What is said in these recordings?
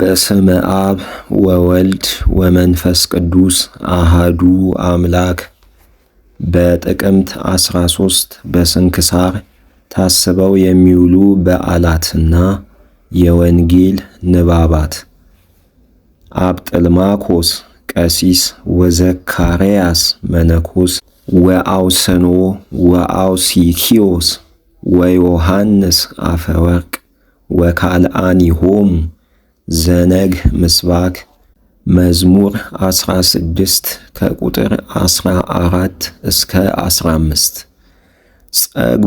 በስመ አብ ወወልድ ወመንፈስ ቅዱስ አሃዱ አምላክ። በጥቅምት 13 በስንክሳር ታስበው የሚውሉ በዓላትና የወንጌል ንባባት አብጥልማኮስ ቀሲስ ወዘካርያስ መነኮስ ወአውሰኖ ወአውሲኪዮስ ወዮሐንስ አፈወርቅ ወካልአኒሆሙ ዘነግ ምስባክ መዝሙር 16 ከቁጥር 14 እስከ 15 ጸጉ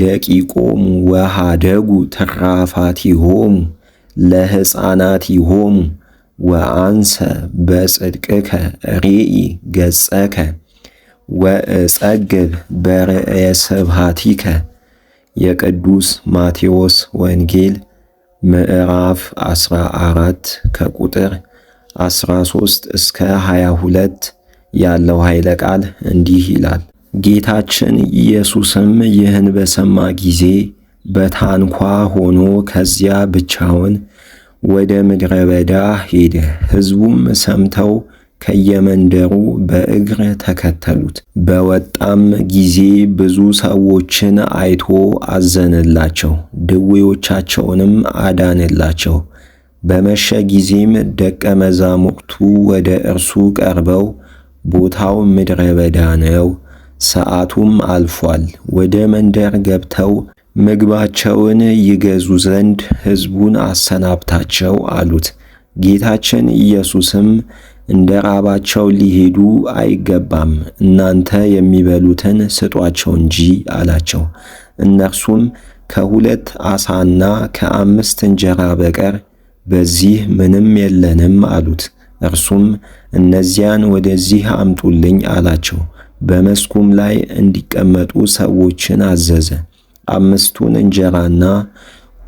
ደቂቆሙ ወሃደጉ ትራፋቲሆሙ ለሕፃናቲሆሙ ወአንሰ በጽድቅከ ርኢ ገጸከ ወእጸግብ በርዕየ ስብሃቲከ። የቅዱስ ማቴዎስ ወንጌል ምዕራፍ 14 ከቁጥር 13 እስከ 22 ያለው ኃይለ ቃል እንዲህ ይላል። ጌታችን ኢየሱስም ይህን በሰማ ጊዜ በታንኳ ሆኖ ከዚያ ብቻውን ወደ ምድረ በዳ ሄደ። ሕዝቡም ሰምተው ከየመንደሩ በእግር ተከተሉት። በወጣም ጊዜ ብዙ ሰዎችን አይቶ አዘነላቸው፣ ድዌዎቻቸውንም አዳነላቸው። በመሸ ጊዜም ደቀ መዛሙርቱ ወደ እርሱ ቀርበው ቦታው ምድረ በዳ ነው፣ ሰዓቱም አልፏል፣ ወደ መንደር ገብተው ምግባቸውን ይገዙ ዘንድ ሕዝቡን አሰናብታቸው አሉት። ጌታችን ኢየሱስም እንደ ራባቸው ሊሄዱ አይገባም፣ እናንተ የሚበሉትን ስጧቸው እንጂ አላቸው። እነርሱም ከሁለት ዓሣና ከአምስት እንጀራ በቀር በዚህ ምንም የለንም አሉት። እርሱም እነዚያን ወደዚህ አምጡልኝ አላቸው። በመስኩም ላይ እንዲቀመጡ ሰዎችን አዘዘ። አምስቱን እንጀራና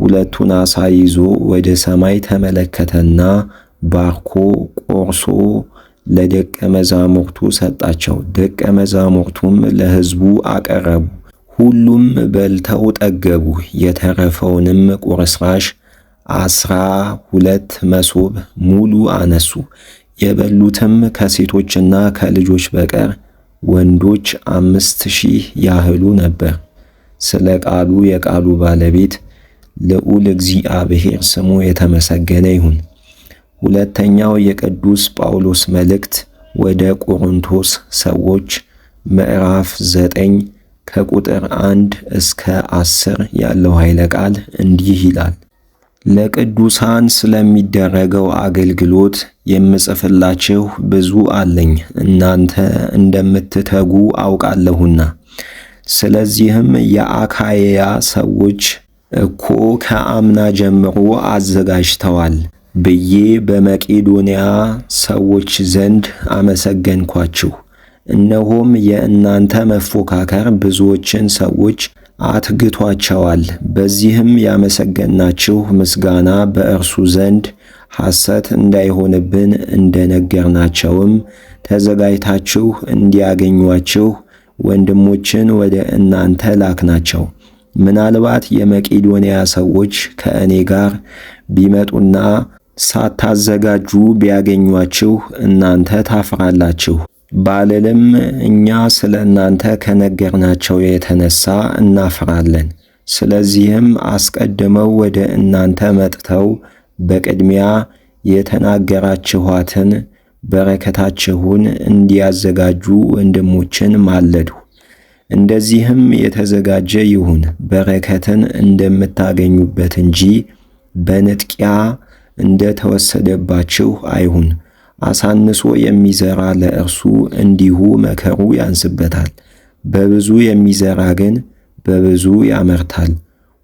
ሁለቱን ዓሣ ይዞ ወደ ሰማይ ተመለከተና ባርኮ ቆርሶ ለደቀ መዛሙርቱ ሰጣቸው። ደቀ መዛሙርቱም ለሕዝቡ አቀረቡ። ሁሉም በልተው ጠገቡ። የተረፈውንም ቁርስራሽ አስራ ሁለት መሶብ ሙሉ አነሱ። የበሉትም ከሴቶችና ከልጆች በቀር ወንዶች አምስት ሺህ ያህሉ ነበር። ስለ ቃሉ የቃሉ ባለቤት ልዑል እግዚአብሔር ስሙ የተመሰገነ ይሁን። ሁለተኛው የቅዱስ ጳውሎስ መልእክት ወደ ቆሮንቶስ ሰዎች ምዕራፍ 9 ከቁጥር 1 እስከ 10 ያለው ኃይለ ቃል እንዲህ ይላል። ለቅዱሳን ስለሚደረገው አገልግሎት የምጽፍላችሁ ብዙ አለኝ፣ እናንተ እንደምትተጉ አውቃለሁና። ስለዚህም የአካይያ ሰዎች እኮ ከአምና ጀምሮ አዘጋጅተዋል ብዬ በመቄዶንያ ሰዎች ዘንድ አመሰገንኳችሁ። እነሆም የእናንተ መፎካከር ብዙዎችን ሰዎች አትግቷቸዋል። በዚህም ያመሰገናችሁ ምስጋና በእርሱ ዘንድ ሐሰት እንዳይሆንብን እንደነገርናቸውም ተዘጋጅታችሁ እንዲያገኟችሁ ወንድሞችን ወደ እናንተ ላክናቸው። ምናልባት የመቄዶንያ ሰዎች ከእኔ ጋር ቢመጡና ሳታዘጋጁ ቢያገኟችሁ እናንተ ታፍራላችሁ። ባልልም እኛ ስለ እናንተ ከነገርናቸው የተነሳ እናፍራለን። ስለዚህም አስቀድመው ወደ እናንተ መጥተው በቅድሚያ የተናገራችኋትን በረከታችሁን እንዲያዘጋጁ ወንድሞችን ማለዱ። እንደዚህም የተዘጋጀ ይሁን በረከትን እንደምታገኙበት እንጂ በንጥቂያ እንደ ተወሰደባችሁ አይሁን። አሳንሶ የሚዘራ ለእርሱ እንዲሁ መከሩ ያንስበታል። በብዙ የሚዘራ ግን በብዙ ያመርታል።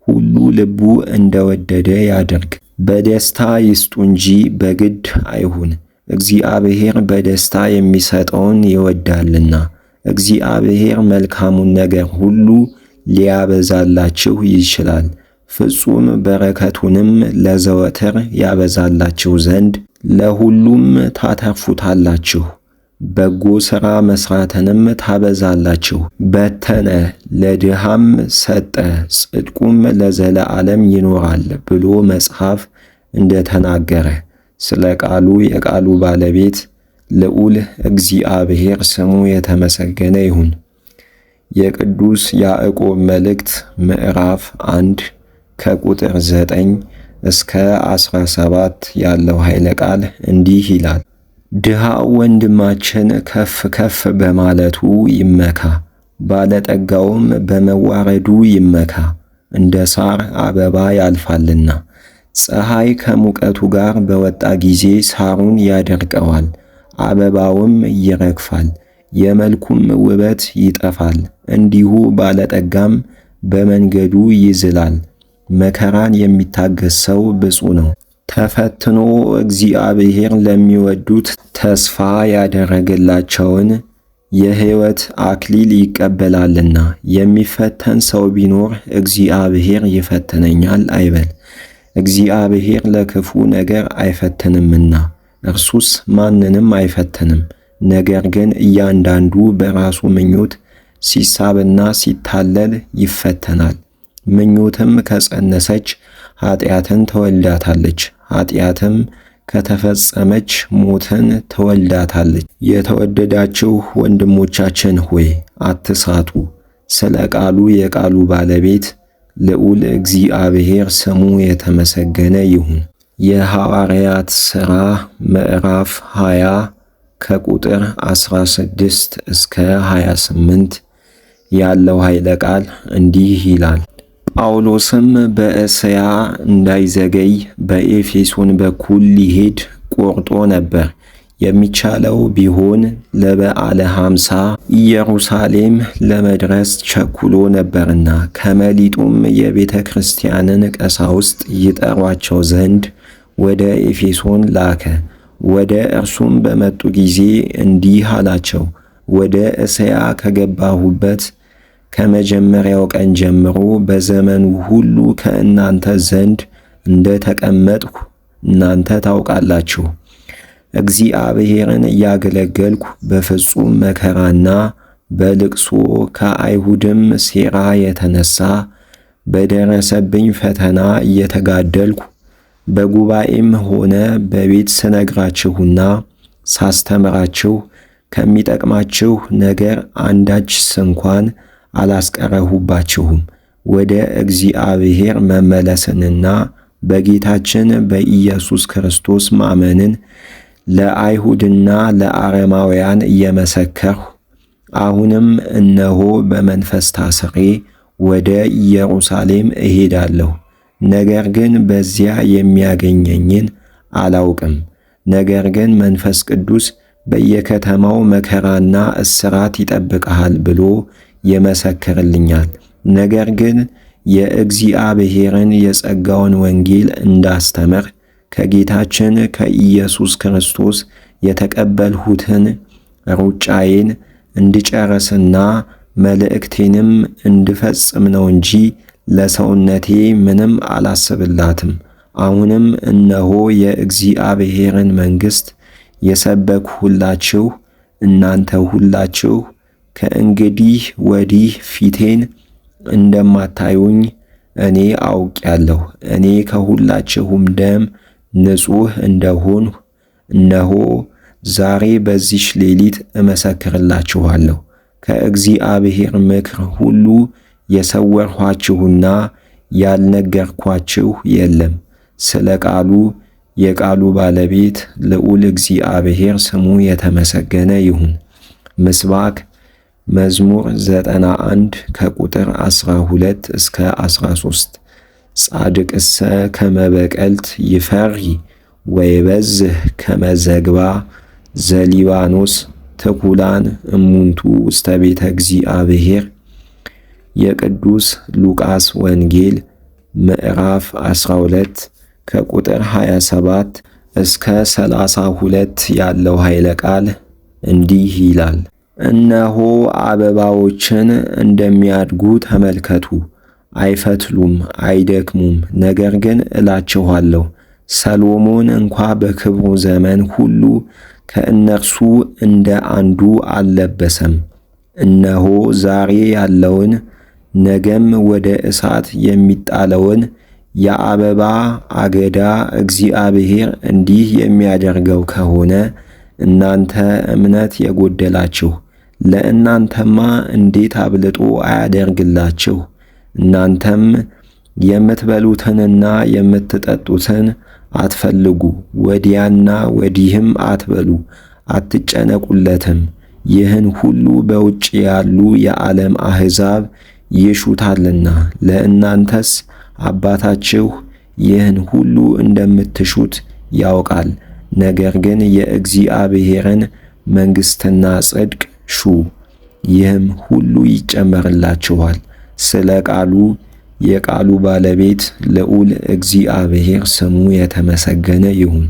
ሁሉ ልቡ እንደወደደ ያድርግ። በደስታ ይስጡ እንጂ በግድ አይሁን፣ እግዚአብሔር በደስታ የሚሰጠውን ይወዳልና። እግዚአብሔር መልካሙን ነገር ሁሉ ሊያበዛላችሁ ይችላል። ፍጹም በረከቱንም ለዘወትር ያበዛላችሁ ዘንድ ለሁሉም ታተርፉታላችሁ በጎ ሥራ መሥራትንም ታበዛላችሁ። በተነ ለድሃም ሰጠ፣ ጽድቁም ለዘለዓለም ይኖራል ብሎ መጽሐፍ እንደ ተናገረ ስለ ቃሉ የቃሉ ባለቤት ልዑል እግዚአብሔር ስሙ የተመሰገነ ይሁን። የቅዱስ ያዕቆብ መልእክት ምዕራፍ አንድ ከቁጥር 9 እስከ 17 ያለው ኃይለ ቃል እንዲህ ይላል። ድሃው ወንድማችን ከፍ ከፍ በማለቱ ይመካ፣ ባለጠጋውም በመዋረዱ ይመካ። እንደ ሳር አበባ ያልፋልና ፀሐይ ከሙቀቱ ጋር በወጣ ጊዜ ሳሩን ያደርቀዋል፣ አበባውም ይረግፋል፣ የመልኩም ውበት ይጠፋል። እንዲሁ ባለጠጋም በመንገዱ ይዝላል፣ መከራን የሚታገስ ሰው ብፁ ነው። ተፈትኖ እግዚአብሔር ለሚወዱት ተስፋ ያደረገላቸውን የሕይወት አክሊል ይቀበላልና። የሚፈተን ሰው ቢኖር እግዚአብሔር ይፈትነኛል አይበል፣ እግዚአብሔር ለክፉ ነገር አይፈትንምና እርሱስ ማንንም አይፈትንም። ነገር ግን እያንዳንዱ በራሱ ምኞት ሲሳብና ሲታለል ይፈተናል። ምኞትም ከጸነሰች ኀጢአትን ትወልዳታለች። ኀጢአትም ከተፈጸመች ሞትን ትወልዳታለች። የተወደዳችሁ ወንድሞቻችን ሆይ አትሳቱ። ስለ ቃሉ የቃሉ ባለቤት ልዑል እግዚአብሔር ስሙ የተመሰገነ ይሁን። የሐዋርያት ሥራ ምዕራፍ 20 ከቁጥር 16 እስከ 28 ያለው ኃይለ ቃል እንዲህ ይላል። ጳውሎስም በእስያ እንዳይዘገይ በኤፌሶን በኩል ሊሄድ ቆርጦ ነበር። የሚቻለው ቢሆን ለበዓለ ሃምሳ ኢየሩሳሌም ለመድረስ ቸኩሎ ነበርና ከመሊጡም የቤተ ክርስቲያንን ቀሳውስት ይጠሯቸው ዘንድ ወደ ኤፌሶን ላከ። ወደ እርሱም በመጡ ጊዜ እንዲህ አላቸው፣ ወደ እስያ ከገባሁበት ከመጀመሪያው ቀን ጀምሮ በዘመኑ ሁሉ ከእናንተ ዘንድ እንደ ተቀመጥሁ እናንተ ታውቃላችሁ። እግዚአብሔርን እያገለገልኩ በፍጹም መከራና በልቅሶ ከአይሁድም ሴራ የተነሳ በደረሰብኝ ፈተና እየተጋደልኩ በጉባኤም ሆነ በቤት ስነግራችሁና ሳስተምራችሁ ከሚጠቅማችሁ ነገር አንዳች ስንኳን አላስቀረሁባችሁም። ወደ እግዚአብሔር መመለስንና በጌታችን በኢየሱስ ክርስቶስ ማመንን ለአይሁድና ለአረማውያን እየመሰከርሁ አሁንም እነሆ በመንፈስ ታስሬ ወደ ኢየሩሳሌም እሄዳለሁ። ነገር ግን በዚያ የሚያገኘኝን አላውቅም። ነገር ግን መንፈስ ቅዱስ በየከተማው መከራና እስራት ይጠብቀሃል ብሎ ይመሰክርልኛል። ነገር ግን የእግዚአብሔርን የጸጋውን ወንጌል እንዳስተምር ከጌታችን ከኢየሱስ ክርስቶስ የተቀበልሁትን ሩጫዬን እንድጨርስና መልእክቴንም እንድፈጽም ነው እንጂ ለሰውነቴ ምንም አላስብላትም። አሁንም እነሆ የእግዚአብሔርን መንግሥት የሰበክሁላችሁ እናንተ ሁላችሁ ከእንግዲህ ወዲህ ፊቴን እንደማታዩኝ እኔ አውቄአለሁ። እኔ ከሁላችሁም ደም ንጹሕ እንደሆንሁ እነሆ ዛሬ በዚች ሌሊት እመሰክርላችኋለሁ። ከእግዚአብሔር ምክር ሁሉ የሰወርኋችሁና ያልነገርኳችሁ የለም። ስለ ቃሉ የቃሉ ባለቤት ልዑል እግዚአብሔር ስሙ የተመሰገነ ይሁን። ምስባክ መዝሙር 91 ከቁጥር 12 እስከ 13 ጻድቅሰ ከመበቀልት ይፈሪ ወይበዝህ ከመዘግባ ዘሊባኖስ ትኩላን እሙንቱ ውስተ ቤተ እግዚአብሔር። የቅዱስ ሉቃስ ወንጌል ምዕራፍ 12 ከቁጥር 27 እስከ 32 ያለው ኃይለ ቃል እንዲህ ይላል። እነሆ አበባዎችን እንደሚያድጉ ተመልከቱ፣ አይፈትሉም፣ አይደክሙም። ነገር ግን እላችኋለሁ ሰሎሞን እንኳ በክብሩ ዘመን ሁሉ ከእነርሱ እንደ አንዱ አልለበሰም። እነሆ ዛሬ ያለውን ነገም ወደ እሳት የሚጣለውን የአበባ አገዳ እግዚአብሔር እንዲህ የሚያደርገው ከሆነ እናንተ እምነት የጎደላችሁ ለእናንተማ እንዴት አብልጦ አያደርግላችሁ! እናንተም የምትበሉትንና የምትጠጡትን አትፈልጉ፣ ወዲያና ወዲህም አትበሉ፣ አትጨነቁለትም። ይህን ሁሉ በውጭ ያሉ የዓለም አሕዛብ ይሹታልና ለእናንተስ አባታችሁ ይህን ሁሉ እንደምትሹት ያውቃል። ነገር ግን የእግዚአብሔርን መንግሥትና ጽድቅ ሹ ይህም ሁሉ ይጨመርላችኋል። ስለ ቃሉ የቃሉ ባለቤት ልዑል እግዚአብሔር ስሙ የተመሰገነ ይሁን።